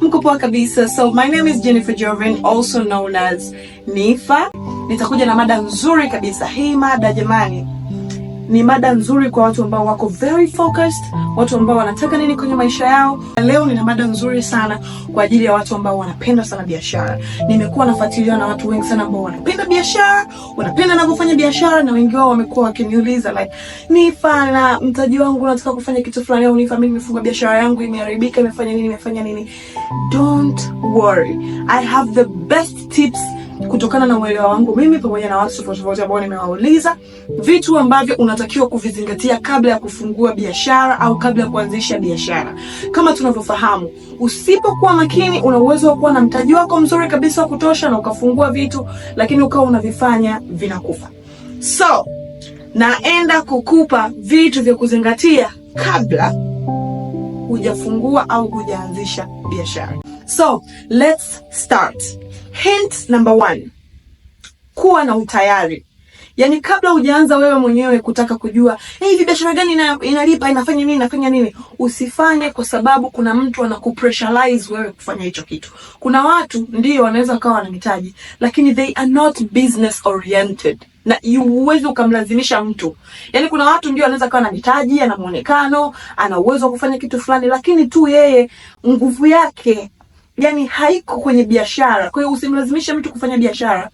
mko poa kabisa. So my name is Jennifer Jovin also known as Nifa. Nitakuja na mada nzuri kabisa. Hii mada jamani ni mada nzuri kwa watu ambao wako very focused, watu ambao wanataka nini kwenye maisha yao. Leo nina mada nzuri sana kwa ajili ya watu ambao wanapenda sana biashara. Nimekuwa nafuatiliwa na watu wengi sana ambao wanapenda biashara, wanapenda na kufanya biashara, na wengi wao wamekuwa wakiniuliza like, nifa na mtaji wangu nataka kufanya kitu fulani, au nifa mimi nimefunga biashara yangu imeharibika, imefanya nini, imefanya nini. Don't worry, I have the best tips kutokana na uelewa wangu mimi pamoja na watu tofauti tofauti ambao nimewauliza, vitu ambavyo unatakiwa kuvizingatia kabla ya kufungua biashara au kabla ya kuanzisha biashara. Kama tunavyofahamu, usipokuwa makini, una uwezo wa kuwa na mtaji wako mzuri kabisa wa kutosha na ukafungua vitu, lakini ukawa unavifanya vinakufa. So naenda kukupa vitu vya kuzingatia kabla hujafungua au hujaanzisha biashara. So let's start. Hint number one, kuwa na utayari. Yaani kabla hujaanza wewe mwenyewe kutaka kujua hey, hivi biashara gani ina, inalipa inafanya nini inafanya nini, usifanye kwa sababu kuna mtu anakupressurize wewe kufanya hicho kitu. Kuna watu ndio wanaweza kawa wanahitaji, lakini they are not business oriented na huwezi ukamlazimisha mtu. Yaani kuna watu ndio anaweza kawa na mitaji, ana muonekano, ana uwezo wa kufanya kitu fulani, lakini tu yeye nguvu yake yani haiko kwenye biashara. Kwa hiyo usimlazimishe mtu kufanya biashara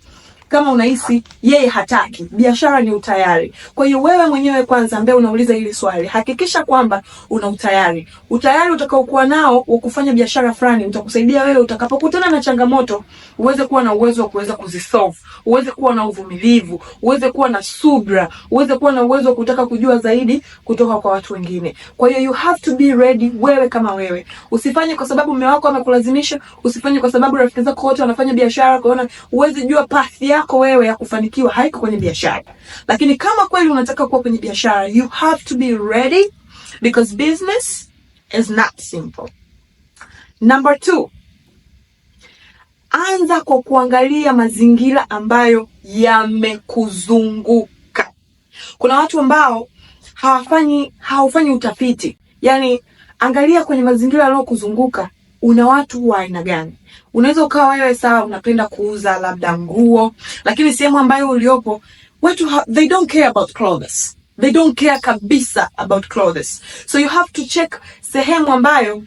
kama unahisi yeye hataki, biashara ni utayari. Kwa hiyo wewe mwenyewe kwanza, ambaye unauliza hili swali, hakikisha kwamba una utayari. Utayari utakaokuwa nao wa kufanya biashara fulani utakusaidia wewe utakapokutana na changamoto uweze kuwa na uwezo wa kuweza kuzisolve, uweze kuwa na uvumilivu, uweze kuwa na subra, uweze kuwa na uwezo wa kutaka kujua zaidi kutoka kwa watu wengine. Kwa hiyo you have to be ready, wewe kama wewe. Usifanye kwa sababu mume wako amekulazimisha, usifanye kwa sababu rafiki zako wote wanafanya biashara, kwaona hiyo uweze jua path yako wewe ya kufanikiwa haiko kwenye biashara, lakini kama kweli unataka kuwa kwenye biashara, you have to be ready because business is not simple. Number two, anza kwa kuangalia mazingira ambayo yamekuzunguka. Kuna watu ambao hawafanyi hawafanyi utafiti, yani angalia kwenye mazingira yaliyokuzunguka, una watu wa aina gani? Unaweza ukawa wewe sawa, unapenda kuuza labda nguo, lakini sehemu ambayo uliopo watu they don't care about clothes, they don't care kabisa about clothes. So you have to check sehemu ambayo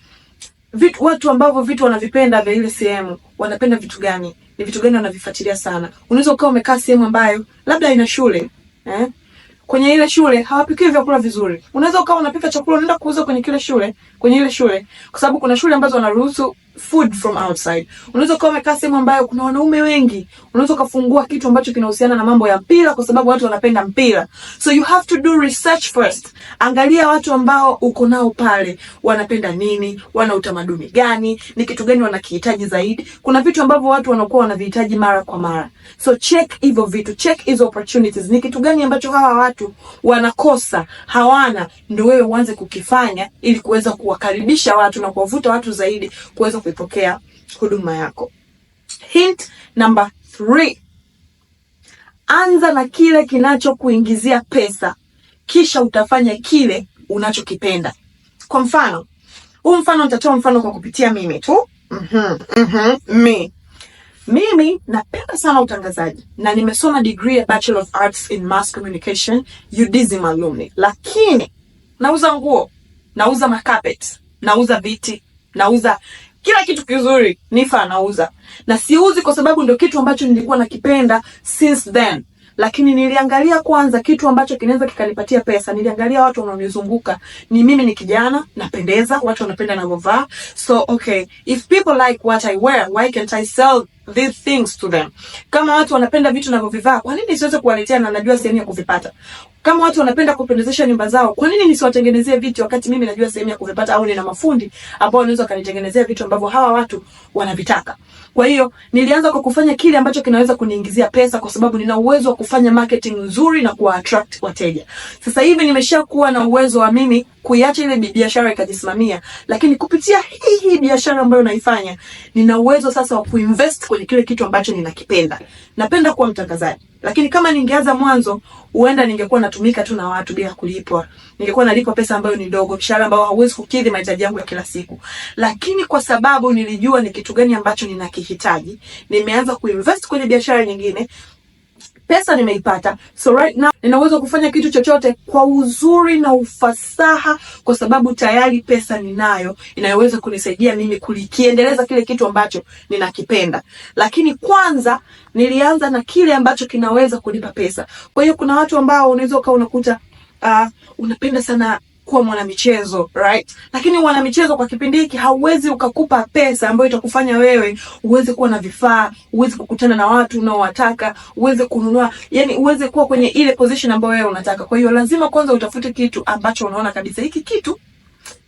vitu, watu ambavyo vitu wanavipenda vya ile sehemu, wanapenda vitu gani, ni vitu gani wanavifuatilia sana. Unaweza ukawa umekaa sehemu ambayo labda ina shule eh? Kwenye ile shule hawapikii vyakula vizuri. Unaweza ukawa unapika chakula unaenda kuuza kwenye kile shule, kwenye ile shule, kwa sababu kuna shule ambazo wanaruhusu food from outside. Unaweza ukawa umekaa sehemu ambayo kuna wanaume wengi, unaweza ukafungua kitu ambacho kinahusiana na mambo ya mpira, kwa sababu watu wanapenda mpira. So you have to do research first. Angalia watu ambao uko nao pale, wanapenda nini, wana utamaduni gani, ni kitu gani wanakihitaji zaidi. Kuna vitu ambavyo watu wanakuwa wanavihitaji mara kwa mara, so check hivyo vitu, check hizo opportunities. Ni kitu gani ambacho hawa watu wanakosa, hawana, ndio wewe uanze kukifanya ili kuweza kuwa kuwakaribisha watu na kuwavuta watu zaidi kuweza kuipokea huduma yako. Hint number three, anza na kile kinachokuingizia pesa, kisha utafanya kile unachokipenda. Kwa mfano huu mfano nitatoa mfano kwa kupitia mimi tu. mm -hmm, mm -hmm, mi mimi napenda sana utangazaji na nimesoma degree ya Bachelor of Arts in Mass Communication UDSM alumni, lakini nauza nguo nauza makapet, nauza viti, nauza kila kitu kizuri Nifa anauza, na siuzi kwa sababu ndio kitu ambacho nilikuwa nakipenda since then, lakini niliangalia kwanza kitu ambacho kinaweza kikanipatia pesa. Niliangalia watu wanaonizunguka, ni mimi ni kijana, napendeza, watu wanapenda navovaa so okay if people like what I wear why can't I sell these things to them. Kama watu wanapenda vitu navyovivaa kwa nini siweze kuwaletea na najua sehemu ya kuvipata? Kama watu wanapenda kupendezesha nyumba zao, kwa nini nisiwatengenezee vitu wakati mimi najua sehemu ya kuvipata au nina mafundi ambao wanaweza wakanitengenezea vitu ambavyo hawa watu wanavitaka? Kwa hiyo nilianza kwa kufanya kile ambacho kinaweza kuniingizia pesa kwa sababu nina uwezo wa kufanya marketing nzuri na kuwa attract wateja. Sasa hivi nimeshakuwa na uwezo wa mimi kuiacha ile biashara ikajisimamia, lakini kupitia hii hii biashara ambayo naifanya nina uwezo sasa wa kuinvest kwenye kile kitu ambacho ninakipenda. Napenda kuwa mtangazaji, lakini kama ningeanza mwanzo, huenda ningekuwa natumika tu na watu bila kulipwa, ningekuwa nalipwa pesa ambayo ni ndogo, mshahara ambao hauwezi kukidhi mahitaji yangu ya kila siku. Lakini kwa sababu nilijua ni kitu gani ambacho ninakihitaji, nimeanza kuinvest kwenye biashara nyingine pesa nimeipata, so right now ninaweza kufanya kitu chochote kwa uzuri na ufasaha, kwa sababu tayari pesa ninayo inayoweza kunisaidia mimi kulikiendeleza kile kitu ambacho ninakipenda. Lakini kwanza nilianza na kile ambacho kinaweza kunipa pesa. Kwa hiyo kuna watu ambao unaweza ukawa unakuta uh, unapenda sana kuwa mwanamichezo right? Lakini mwanamichezo kwa kipindi hiki hauwezi ukakupa pesa ambayo itakufanya wewe uweze kuwa na vifaa, uweze kukutana na watu unaowataka, uweze kununua, yani uweze kuwa kwenye ile position ambayo wewe unataka. Kwa hiyo lazima kwanza utafute kitu ambacho unaona kabisa hiki kitu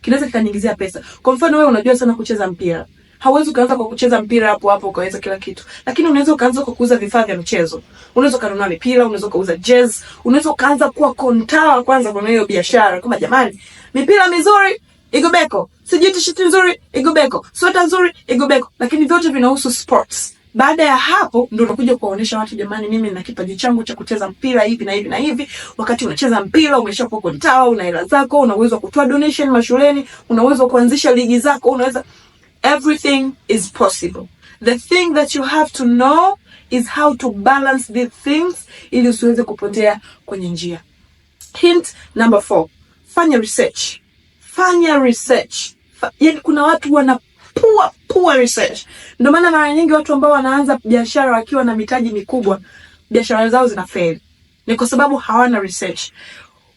kinaweza kikaniingizia pesa. Kwa mfano wewe unajua sana kucheza mpira Hauwezi ukaanza kwa kucheza mpira hapo hapo ukaweza kila kitu, lakini unaweza ukaanza kwa kuuza vifaa vya michezo. Unaweza ukanunua mipira, unaweza ukauza jezi, unaweza ukaanza kuwa kontawa kwanza kwenye hiyo biashara, kama jamani, mipira mizuri Igobeko, sijui tishiti nzuri Igobeko, sweta nzuri Igobeko, lakini vyote vinahusu sports. Baada ya hapo ndio unakuja kuwaonesha watu, jamani, mimi nina kipaji changu cha kucheza mpira hivi na hivi na hivi. Wakati unacheza mpira umeshakuwa kontawa, una hela zako, una uwezo wa kutoa donation mashuleni, una uwezo wa kuanzisha ligi zako, unaweza everything is possible. The thing that you have to know is how to balance these things ili usiweze kupotea kwenye njia. Hint number four, fanya research, fanya research. Yaani kuna watu wana pua poor research, ndio maana mara nyingi watu ambao wanaanza biashara wakiwa na mitaji mikubwa biashara zao zina fail. ni kwa sababu hawana research.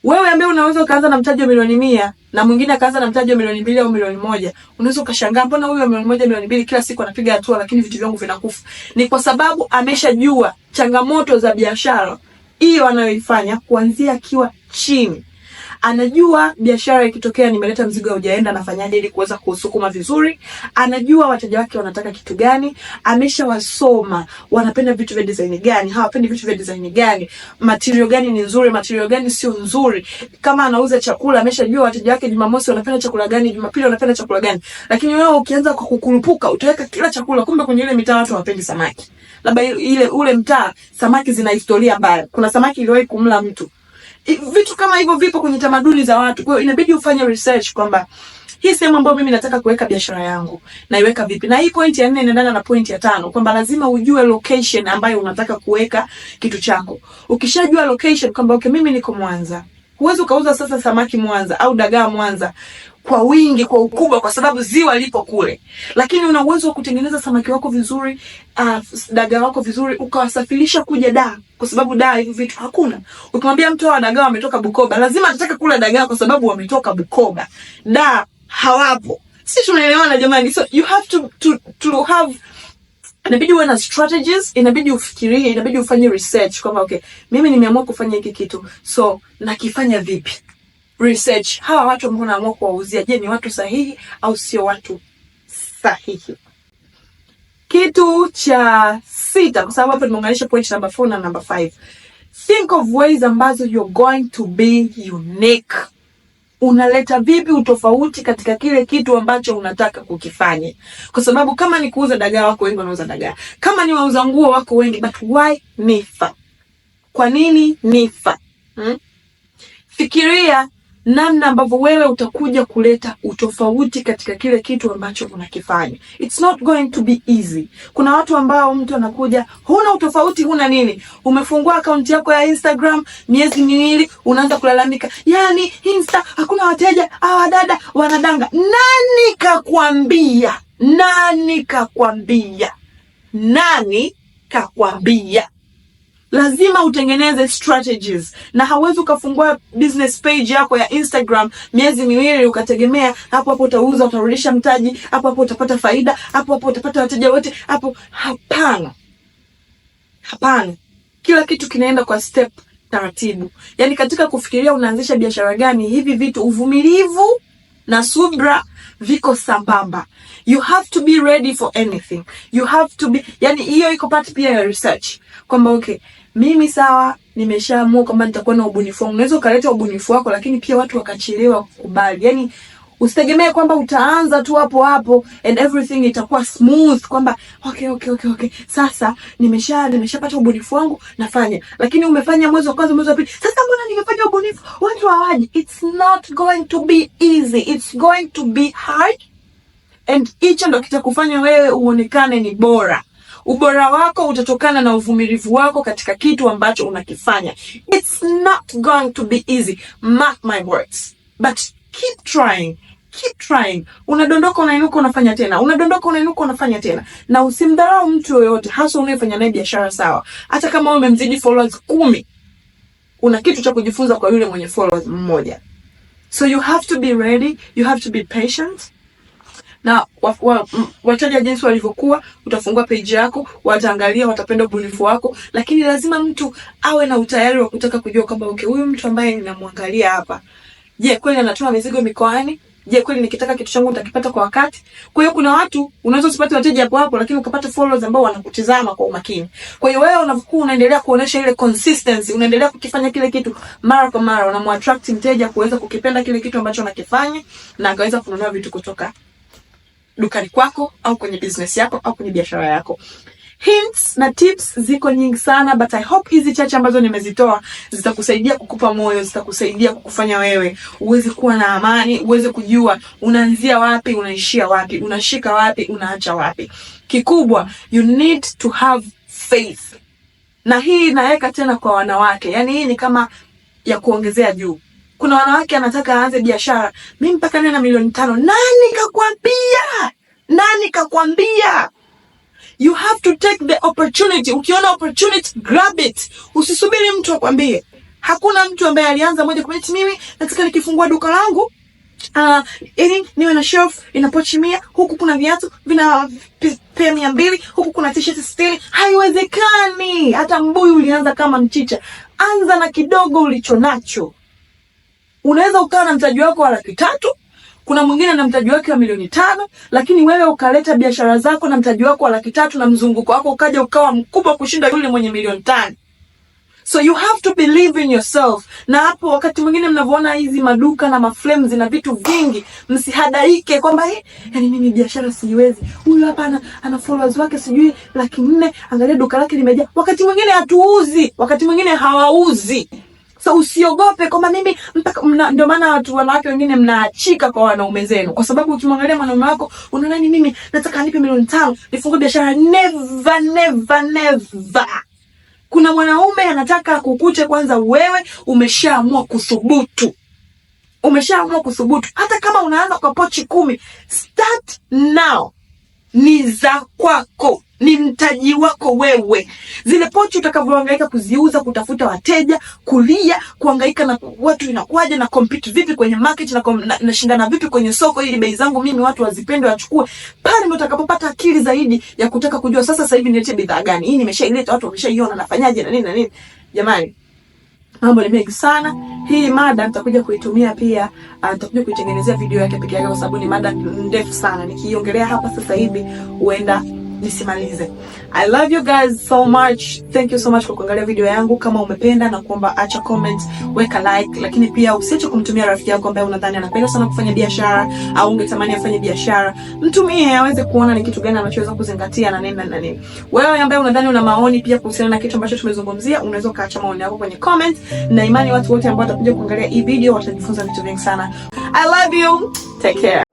Wewe ambaye unaweza ukaanza na mtaji wa milioni mia na mwingine akaanza na mtaji wa milioni mbili au milioni moja, unaweza ukashangaa, mbona huyu wa milioni moja milioni mbili kila siku anapiga hatua, lakini vitu vyangu vinakufa? Ni kwa sababu ameshajua changamoto za biashara hiyo anayoifanya kuanzia akiwa chini anajua biashara ikitokea nimeleta mzigo haujaenda nafanyaje ili kuweza kusukuma vizuri, anajua wateja wake wanataka kitu gani, ameshawasoma wanapenda vitu vya design gani, hawapendi vitu vya design gani, material gani ni nzuri, material gani sio nzuri. Kama anauza chakula, ameshajua wateja wake Jumamosi wanapenda chakula gani, Jumapili wanapenda chakula gani. Lakini wewe ukianza kwa kukurupuka, utaweka kila chakula, kumbe kwenye ile mitaa watu hawapendi samaki, labda ile ule mtaa samaki zina historia mbaya, kuna samaki iliwahi kumla mtu Vitu kama hivyo vipo kwenye tamaduni za watu, kwa hiyo inabidi ufanye research kwamba hii sehemu ambayo mimi nataka kuweka biashara yangu naiweka vipi? Na hii point ya nne inaendana na point ya tano kwamba lazima ujue location ambayo unataka kuweka kitu chako. Ukishajua location kwamba okay, mimi niko Mwanza, huwezi ukauza sasa samaki Mwanza au dagaa Mwanza kwa wingi, kwa ukubwa, kwa sababu ziwa lipo kule, lakini una uwezo wa kutengeneza samaki wako vizuri, uh, dagaa wako vizuri, ukawasafirisha kuja Dar, kwa sababu Dar hivi vitu hakuna. Ukimwambia mtu wa dagaa wametoka Bukoba, lazima atataka kula dagaa, kwa sababu wametoka Bukoba. Dar hawapo. Sisi tunaelewana jamani, so you have to to to have inabidi uwe na strategies, inabidi ufikirie, inabidi ufanye research kwamba okay, mimi nimeamua kufanya hiki kitu, so nakifanya vipi? research hawa watu ambao unaamua kuwauzia, je, ni watu sahihi au sio watu sahihi? Kitu cha sita, kwa sababu hapo nimeunganisha point number 4 na number 5. Think of ways ambazo you're going to be unique. Unaleta vipi utofauti katika kile kitu ambacho unataka kukifanya? Kwa sababu kama ni kuuza dagaa, wako wengi wanauza dagaa. Kama ni wauza nguo, wako wengi, but why Nifa? Kwa nini Nifa? Hmm? Fikiria namna ambavyo wewe utakuja kuleta utofauti katika kile kitu ambacho unakifanya. It's not going to be easy. Kuna watu ambao mtu anakuja, huna utofauti, huna nini, umefungua akaunti yako ya Instagram miezi miwili, unaanza kulalamika, yani Insta hakuna wateja, hawa dada wanadanga. Nani kakwambia? Nani kakwambia? Nani kakwambia? lazima utengeneze strategies, na hawezi ukafungua business page yako ya Instagram miezi miwili ukategemea hapo hapo utauza, utarudisha mtaji, hapo hapo utapata faida, hapo hapo utapata wateja wote hapo. Hapana, hapana, kila kitu kinaenda kwa step taratibu. Yani katika kufikiria unaanzisha biashara gani, hivi vitu uvumilivu na subra viko sambamba. You have to be ready for anything, you have to be, yani hiyo iko part pia ya research kwamba okay mimi sawa, nimeshaamua kwamba nitakuwa na ubunifu wangu. Unaweza ukaleta ubunifu wako, lakini pia watu wakachelewa kukubali. Yani usitegemee kwamba utaanza tu hapo hapo and everything itakuwa smooth, kwamba okay, okay, okay, okay, sasa nimesha nimeshapata ubunifu wangu nafanya, lakini umefanya mwezi wa kwanza, mwezi wa pili, sasa mbona nimefanya ubunifu watu hawaji? It's not going to be easy, it's going to be hard, and hicho ndo kitakufanya wewe uonekane ni bora. Ubora wako utatokana na uvumilivu wako katika kitu ambacho unakifanya. It's not going to be easy, mark my words, but keep trying Keep trying. Unadondoka, unainuka, unafanya tena, unadondoka, unainuka, unafanya tena, na usimdharau mtu yoyote, hasa unayefanya naye biashara. Sawa, hata kama wewe umemzidi followers kumi, una kitu cha kujifunza kwa yule mwenye followers mmoja. So you have to be ready, you have to be patient na wateja wa, wa, jinsi walivyokuwa, utafungua peji yako, wataangalia, watapenda ubunifu wako, lakini lazima mtu awe na utayari wa kutaka kujua kwamba okay, huyu mtu ambaye ninamwangalia hapa, je, kweli anatuma mizigo mikoani? Je, kweli nikitaka kitu changu nitakipata kwa wakati? Kwa hiyo kuna watu unaweza usipate wateja hapo hapo, lakini ukapata followers ambao wanakutizama kwa umakini. Kwa hiyo wewe unavyokuwa unaendelea kuonesha ile consistency, unaendelea kukifanya kile kitu mara kwa mara, unamwattract mteja kuweza kukipenda kile kitu ambacho unakifanya na akaweza kununua vitu kutoka dukani kwako au kwenye business yako au kwenye biashara yako. Hints na tips ziko nyingi sana but I hope hizi chache ambazo nimezitoa zitakusaidia kukupa moyo, zitakusaidia kukufanya wewe uweze kuwa na amani, uweze kujua unaanzia wapi, unaishia wapi, unashika wapi, unaacha wapi. Kikubwa, you need to have faith, na hii naweka tena kwa wanawake, yaani hii ni kama ya kuongezea juu kuna wanawake anataka aanze biashara, mi mpaka nena milioni tano. Nani kakwambia? Nani kakwambia? You have to take the opportunity. Ukiona opportunity, grab it. Usisubiri mtu akwambie. Hakuna mtu ambaye alianza moja kwa moja, mimi nataka nikifungua duka langu Uh, ili niwe na shelf ina pochi mia, huku kuna viatu vina pea mia mbili, huku kuna t-shirt sitini. Haiwezekani. Hata mbuyu ulianza kama mchicha, anza na kidogo ulicho nacho. Unaweza ukawa na mtaji wako wa laki tatu, kuna mwingine na mtaji wake wa milioni tano, lakini wewe ukaleta biashara zako na mtaji wako wa laki tatu na mzunguko wako ukaja ukawa mkubwa kushinda yule mwenye milioni tano. So you have to believe in yourself. Na hapo wakati mwingine mnavyoona hizi maduka na maflame zina vitu vingi, msihadaike kwamba hii eh, yani mimi biashara siwezi. Huyu hapa ana, ana followers wake sijui laki nne, angalia duka lake limejaa. Wakati mwingine hatuuzi, wakati mwingine hawauzi. So usiogope kwamba mimi mna, ndio maana watu wanawake wengine mnaachika kwa wanaume zenu, kwa sababu ukimwangalia mwanaume wako unaona ni mimi nataka alipe milioni tano nifungue biashara. Never, never, never. Kuna mwanaume anataka kukute kwanza, wewe umeshaamua kuthubutu, umeshaamua kuthubutu. Hata kama unaanza kwa pochi kumi, start now ni za kwako, ni mtaji wako wewe. Zile pochi utakavyohangaika kuziuza, kutafuta wateja, kulia, kuhangaika na watu inakuaje, na compete vipi kwenye market, na, nashindana na vipi kwenye soko ili bei zangu mimi watu wazipende wachukue, pale ndio utakapopata akili zaidi ya kutaka kujua sasa, sasa hivi nilete bidhaa gani hii, nimeshaileta watu wameshaiona, nafanyaje na nini na nini. Jamani, mambo ni mengi sana. Hii mada nitakuja kuitumia pia, nitakuja ah, kuitengenezea video yake peke yake, kwa sababu ni mada ndefu sana. Nikiiongelea hapa sasa hivi huenda nisimalize. I love you guys so much. Thank you so much kwa kuangalia video yangu. Kama umependa na kuomba, acha comment, weka like, lakini pia usiache kumtumia rafiki yako ambaye unadhani anapenda sana kufanya biashara au ungetamani afanye biashara. Mtumie aweze kuona ni kitu gani anachoweza kuzingatia na nini na nini. Wewe ambaye unadhani una maoni pia kuhusiana na kitu ambacho tumezungumzia, unaweza kaacha maoni yako kwenye comment, na imani watu wote ambao watakuja kuangalia hii video watajifunza vitu vingi sana. I love you. Take care.